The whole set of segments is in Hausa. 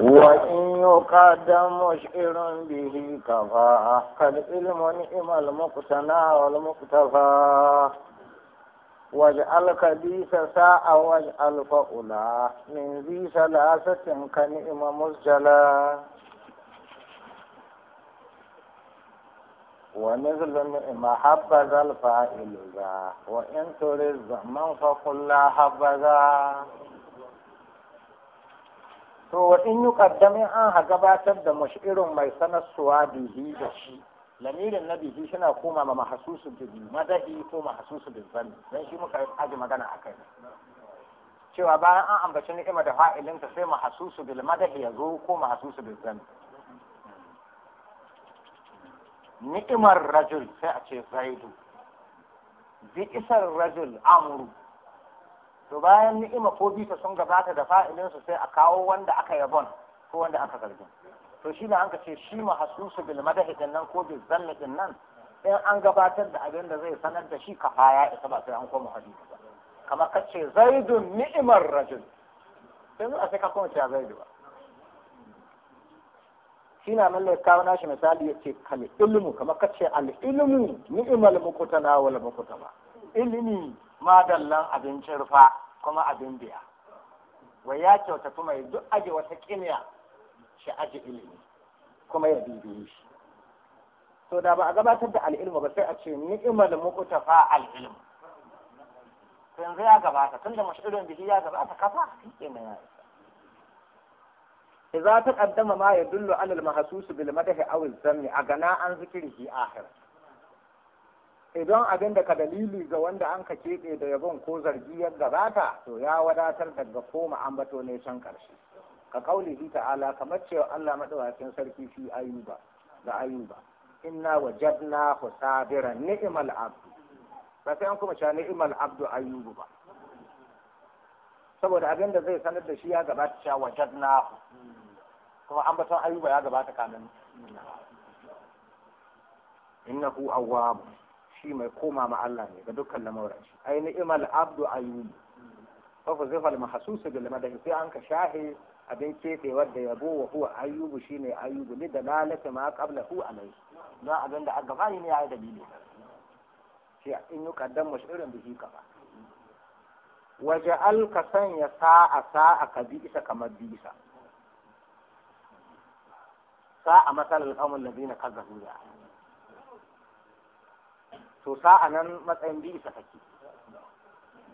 وإن يقدم مشعر به كفاه كالعلم نعم المقتنى والمقتفى واجعل كبيس ساء واجعل فأولى من ذي ثلاثة كنعم مسجلا ومثل محبذ الفائل ذا وإن ترد من فقل لا حبذا to in yi kaddami an ha gabatar da mashirin mai sanarsuwa bihi da shi lamirin na bihi suna koma ma mahasusu da madadi ko mahasusu da zanni dan shi muka aji magana a kai cewa bayan an ambaci ni'ima da fa'ilinta sai mahasusu da madadi ya zo ko mahasusu da zanni ni'imar rajul sai a ce zaidu bi isar rajul amuru to bayan ni'ima ko bita sun gabata da su sai a kawo wanda aka yabon ko wanda aka zargin to shi ne an ka ce shi mahasusu bil madahi din nan ko bil zanni din nan in an gabatar da abin da zai sanar da shi kafaya isa ba sai an koma hadisi ba kamar ka ce zaidun ni'imar rajul sai zuwa sai ka koma cewa zaidu ba shi na nan kawo nashi misali yace kal ilmu kamar ka ce al ilmu ni'imal mukutana wal mukutaba ilimi madallan abincin rufa kuma abin biya wai ya kyauta kuma ya duk aje wata kimiyya shi aje ilimi kuma ya bibiye shi to da ba a gabatar da al'ilmu ba sai a ce ni'mal muqtafa al'ilmu yanzu ya gabata tunda mashhurun biyu ya gabata kafa shi ne ya إذا تقدم ما يدل على المحسوس بالمدح أو الذم أغنى عن ذكره آخر idan abin da ka dalili ga wanda an ka keɓe da yabon ko zargi ya gabata to ya wadatar daga koma ambato ne can ƙarshe ka kaulihi ta'ala kamar cewa Allah madawacin sarki fi ayuba da ayuba inna wajadna sabiran ni'mal abdu ba sai an kuma sha ni'mal abdu ayubu ba saboda abin da zai sanar da shi ya gabata cewa wajadna kuma ambaton ayuba ya gabata kanin innahu awwab shi mai koma ma Allah ne ga dukkan lamuran shi ai ni'mal abdu ayyubi fa fa zifal mahsus bil madahi sai an ka shahi abin kefe wadda yabo wa huwa ayyubu shine ayyubu ni dalalati ma qablahu alai na abin da aka fani ne yayi dalili shi in yi kaddan mashirin bihi ka ba waje al ka sanya sa'a sa'a ka bi isa kamar bi isa sa'a masalar kawun lazina kazzabu da to a nan matsayin bi isa take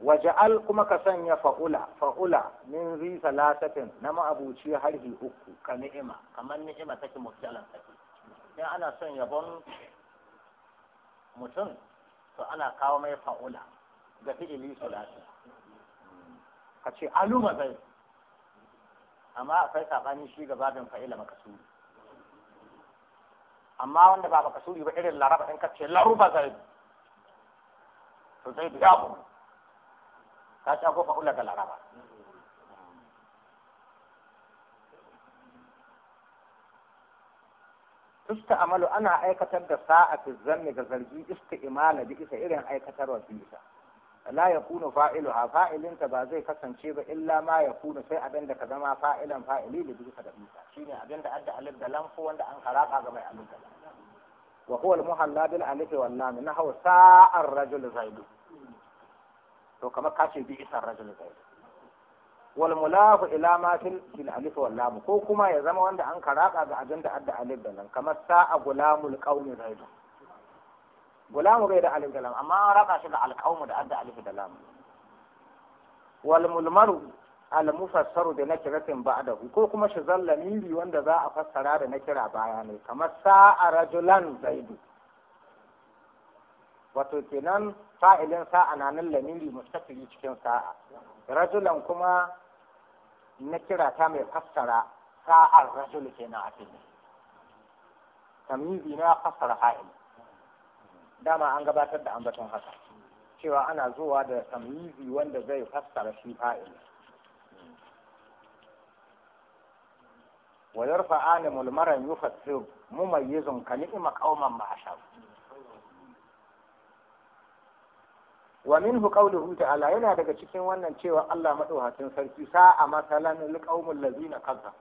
waja'al kuma ka sanya fa'ula fa'ula min risa salasatin na ma'abuci harhi uku ka ni'ima kamar ni'ima take mubtalan take in ana son yabon mutum to ana kawo mai fa'ula ga fi'ili salatin ka ce aluma zai amma akwai saɓanin shi ga babin fa'ila makasuri amma wanda ba makasuri ba irin laraba in ka ce laruba zai to zai biya ku ka sha ko fa'ula ga laraba amalu ana aikatar da sa'a fi zanni ga zargi imala bi isa irin aikatarwa bi isa la ha fa'ilin fa'ilinta ba zai kasance ba illa ma ya kunu sai abin da ka zama fa'ilan fa'ili da bisa da bisa shine abin da adda alif da lamfu wanda an karaba ga mai alif da wa huwa al-muhalla bil alif wal lam nahwa sa'ar rajul zaid to kamar kashi ce bi isar rajul zaid wal mulafu ila ma fil bil alif wal lam ko kuma ya zama wanda an karaka ga ajin da adda alif da lam kamar sa'a gulamul qaumi zaid gulamu bai da alif da lam amma an raka shi da alqaumu da adda alif da lam wal mulmaru al-mufassaru da nakiratin ba'dahu ko kuma shi zalla wanda za a fassara da nakira baya ne kamar sa'a rajulan zaidu wato kenan fa'ilin sa'a na nan lamiri mustaqili cikin sa'a rajulan kuma nakira ta mai fassara sa'ar rajul kenan a fili tamizi na fassara fa'il dama an gabatar da ambaton haka cewa ana zuwa da tamizi wanda zai fassara shi fa'il wa yarfa alimul maran yufassir mumayyizun ka ni'ima qauman ma ashab wa minhu qawluhu ta'ala yana daga cikin wannan cewa Allah madauhakin sarki sa'a masalan lil qaumul ladzina kazzab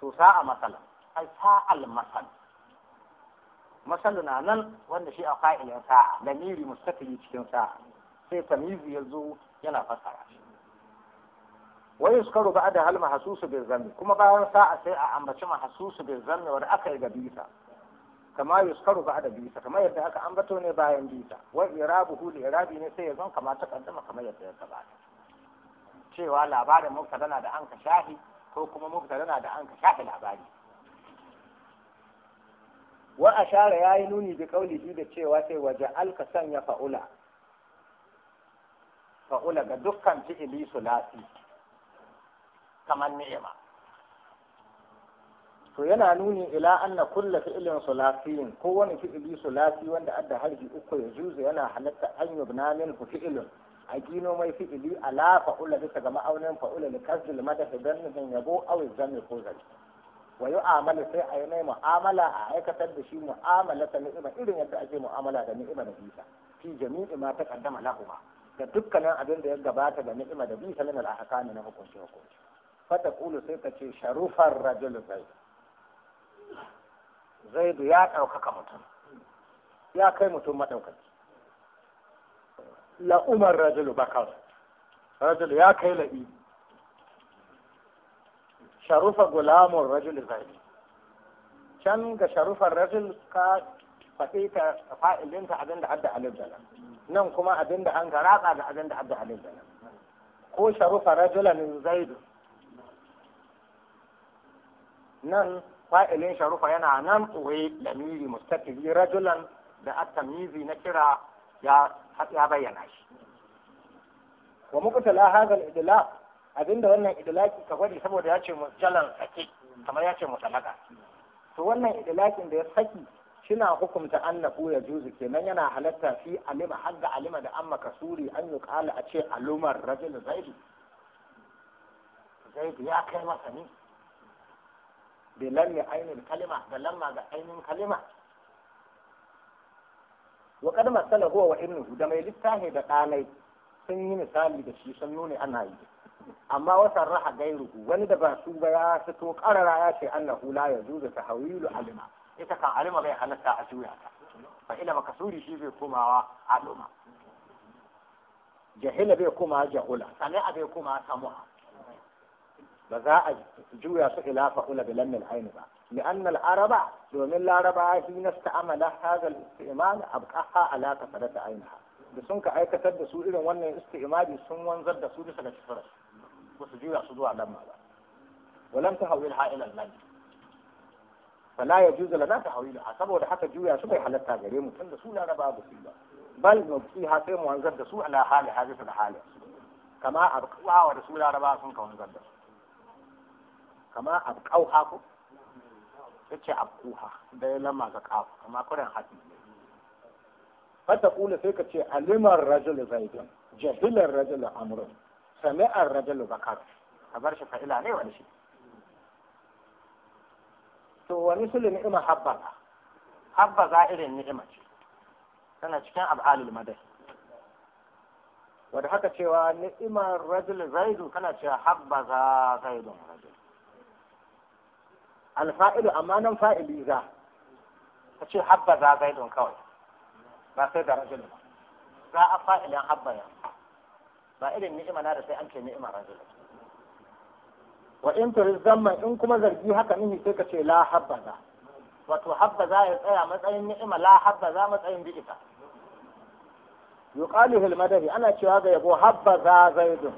to a masalan ai sa'al masal masalu na nan wanda shi a fa'ilin sa'a da miri mustatili cikin sa'a sai tamizi ya zo yana fasara shi wa ba da halma hasusu bil zanni kuma bayan sa'a sai a ambaci hasusu bil zanni wanda aka yi ga bisa kama ba da bisa kama yadda aka ambato ne bayan bisa wa hu li irabi ne sai ya zan kama ta kaddama kama yadda ya gabata cewa labarin mubtada na da anka shahi ko kuma mubtada na da anka shahi labari wa ashara yayi nuni da bi da cewa sai waje alka sanya fa'ula fa'ula ga dukkan fi'ili sulasi kamar nema to yana nuni ila anna kulla fi'lin sulafiyin ko wani fi'ili sulafi wanda adda harfi uku ya juzu yana halatta an yubna minhu fi'lin a gino mai fi'ili ala fa'ula bisa ga ma'aunin fa'ula li kasdil madafi dan yabo aw zanni ko wa yu'amalu sai a yi mu'amala a aikatar da shi mu'amala ta ni'ima irin yadda ake mu'amala da ni'ima da bisa fi jami'i ma ta lahu lahuma da dukkanin abin da ya gabata da ni'ima da bisa lana al-ahkam na hukunci hukunci fata kulu sai ka ce sharufar rajul zai Zai ya ɗaukaka mutum ya kai mutum maɗaukaki la umar rajul bakar rajul ya kai la'i sharufa gulamun rajul zai can ga sharufar rajul ka faɗi ta fa'ilinta abinda adda alif da nan kuma abinda an ga ratsa da abinda adda alif da ko sharufa rajulan zaidu nan fa'ilin sharufa yana nan tsoye lamiri biyu rajulan da aka mizi na kira ya bayyana shi wa muqtala hadha al-idlaq abinda wannan idilaki ka gwadi saboda ya ce mujalan saki kamar ya ce mutalaka to wannan idilakin da ya saki suna an na ya juzu kenan yana halatta fi alima hadda alima da amma kasuri an kala a ce alumar rajul zaidi zaidi ya kai masa ne da lammi ainihin kalima da lamma ga ainihin kalima wa kad masala huwa wa da mai littafi da ɗanai sun yi misali da shi sun nuna ana yi amma wasan raha gairuhu wani da ba su ba ya fito karara ya ce annahu la yajuzu tahwilu alima ita kan alima bai halatta a juya ta fa ila makasuri shi bai komawa aluma jahila bai koma jahula sami'a bai koma samu'a بزاعج سخي لا فقل بلم العين بقى لأن العرب ومن العرب حين استعمل هذا الاستعمال أبقاها على كفرة عينها بسنك أي كتب بسوء إذن وانا استعمال سنوا انزل بسوء سنة فرس وسجو يقصدوا على ما ولم تهويلها إلى المجد فلا يجوز لنا تحويلها سبب حتى جو يا سبب حلتها جريم وكان بسوء العرب بسيطة بل نبقيها سنوا انزل بسوء على حال حاجة الحالة كما أبقوها ورسول العرب سنك وانزل بسوء kama abqauha ko a abquha da ya lama ga qaf kama kuran ne. fata kula sai ka ce alimar rajul zaidan jahilar rajul amrun sami'ar rajul bakar a bar shi fa'ila ne wani shi to wani sulu ni'ima habbaza habbaza irin ni'ima ce tana cikin ab'alul madai wadda haka cewa ni'imar rajul zaidu kana cewa habbaza zaidun rajul alfa'ilu amma nan fa'ili za ka ce habba za zaidun kawai ba sai da rajul ba za a fa'ilin habba ya ba irin ni'ima na da sai an ce ni'ima rajul wa in turis zamman in kuma zargi haka nihi sai ka ce la habba za wato habba za ya tsaya matsayin ni'ima la habba za matsayin bi'ita yuqalu fil madahi ana cewa ga yabo habba za zaidun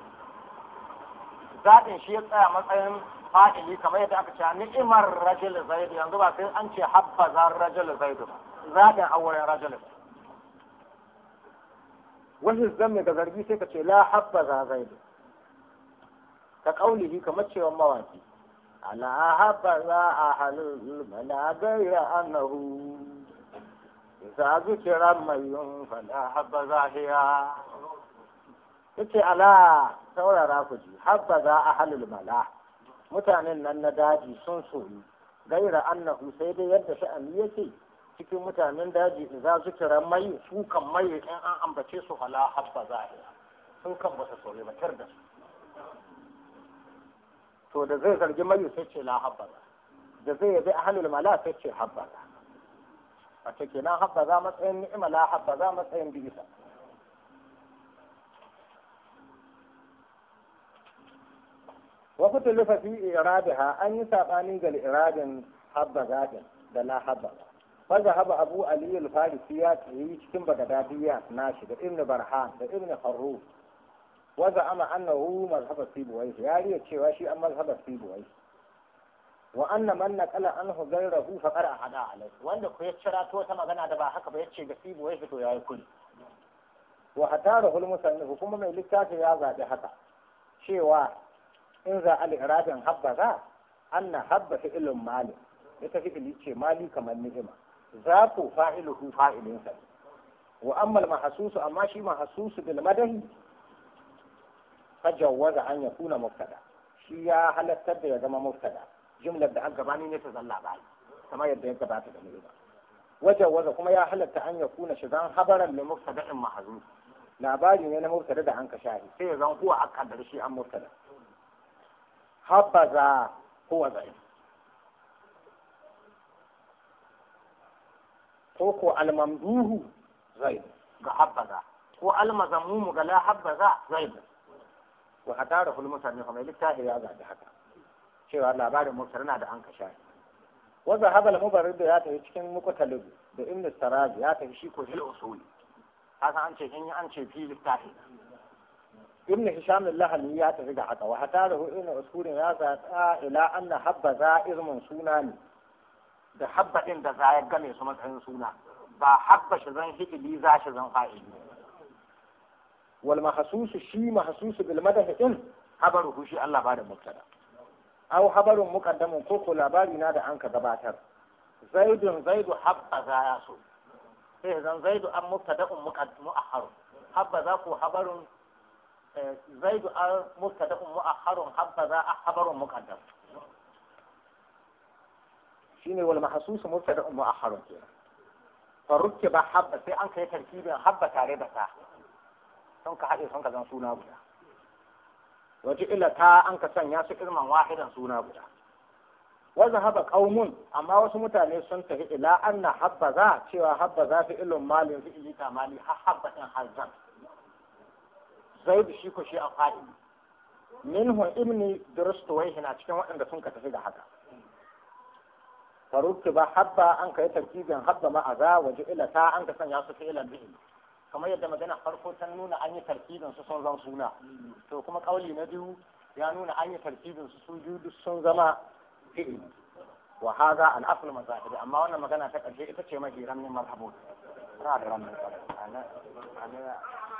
zaɗin shi ya tsaya matsayin fa'ili kamar yadda aka ce ni'imar rajul zaid yanzu ba sai an ce habbaza rajul zaid ba zaɗin auren rajul wani zamme ga zargi sai ka ce la za zaid ka kaulihi kamar cewa mawaki ala za habbaza ahlul balagaya annahu za zikira mai yun fala habbaza hiya yace ala saurara ku ji a ahlul bala mutanen nan na daji sun soyu gaira annahu sai dai yadda sha'ani yake cikin mutanen daji za su kira mai su kan mai in an ambace su hala habba zahira sun kan ba su soyu ba tar da su to da zai zargi mai sai ce la habba da zai yabi ahlul mala sai ce habba a cikin kenan habba za matsayin ni'ima la habba za matsayin bisa wasu tulufa fi iradiha an yi saɓanin gal iradin habba gadin da la habba fa abu ali al-farisi ya yi cikin bagadadiya nashi da ibn barhan da ibn harruf wa za'ama annahu mazhab sibuwai ya riya cewa shi an mazhab sibuwai wa anna man naqala anhu ghayrahu faqad ahada alayhi wanda ku ya cira to ta magana da ba haka ba yace ga sibuwai to yayi kuli wa hatara hul musannif kuma mai littafi ya zabi haka cewa in za a irabin habba za anna habba fi'ilun mali ita fi'ili ce mali kamar ni'ima za ku fa'iluhu fa'ilin sa wa amma al mahsusu amma shi mahsusu bil madahi fajawwaza an yakuna mubtada shi ya halattar da ya zama mubtada jumlar da an gabani ne ta zalla bai kamar yadda ya gabata da ni'ima waza kuma ya halatta an ya kuna shi zan habaran li in mahzuf labari ne na mubtada da an ka shahi sai ya zan huwa a kaddar shi an mubtada habaza huwa zai ko ko almamduhu zai ga habaza ko almazamumu ga la habaza zai wa hadara hul mutane kuma littafi ya zabi haka cewa labarin mutar na da an kasha wa zahaba al-mubarrid ya tafi cikin muqtalib da ibn saraji ya tafi shi ko hil usuli haka an ce in an ce fi littafi ibn hisham al-lahali ya tafi da haka wa hatarahu ibn uskur ya zata ila anna habba za'irmun suna ne da habba din da za ya game su matsayin suna ba habba shi zan hikili za shi zan fa'ili wal mahsusu shi mahsusu bil madahi din habaruhu shi Allah ba da mubtada aw habarun muqaddamun ko ko labari na da an ka gabatar zaidun zaidu habba za ya so sai zan zaidu an mubtada'un muqaddamu ahar habba za ku habarun zaidu al-murtala an mubtada'un mu'akhkharun habbaza ahbarun muqaddam shine wal mahsus mubtada'un mu'akhkharun kenan farukke ba ba habba sai an kai tarkibin habba tare da ta don ka haɗe son ka zan suna guda wajen ila ta an ka sanya su irman wahidan suna guda waza haba qaumun amma wasu mutane sun tafi ila anna za cewa za fi ilmin malin fi ilita mali habba ɗin hazzan zaidu shi ko shi a fa'ili minhu ibni durustuwaihi na cikin waɗanda sun ka tafi da haka farukti ba habba an kai tarkibin habba ma'aza wa ju'ila ta an ka sanya su fi'ilan bihi kamar yadda magana farko ta nuna an yi tarkibin su sun zan suna to kuma kauli na biyu ya nuna an yi tarkibin su biyu duk sun zama fi'il wa hadha al asl mazahiri amma wannan magana ta karshe ita ce mahiran min marhabun ta da